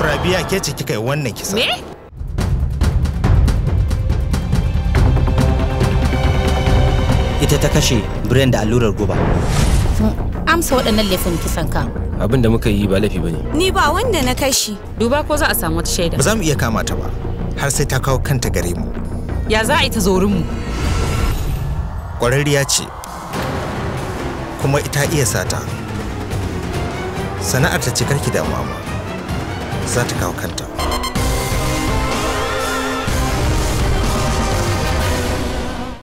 Rabia ke ce kika yi wannan kisa. Me? Ita ta kashe Brian da allurar guba. Sun amsa waɗannan laifin kisan ka. Abin da muka yi ba laifi ne. Ni ba wanda na kashi. Duba ko za a samu wata shaida. Ba za mu iya kama ta ba. Har sai ta kawo kanta gare mu. Ya za a yi ta zorin mu? Ƙwararriya ce. Kuma ita iya sata. Sana'ar ta ce karki damuwa mu. za ta kawo kanta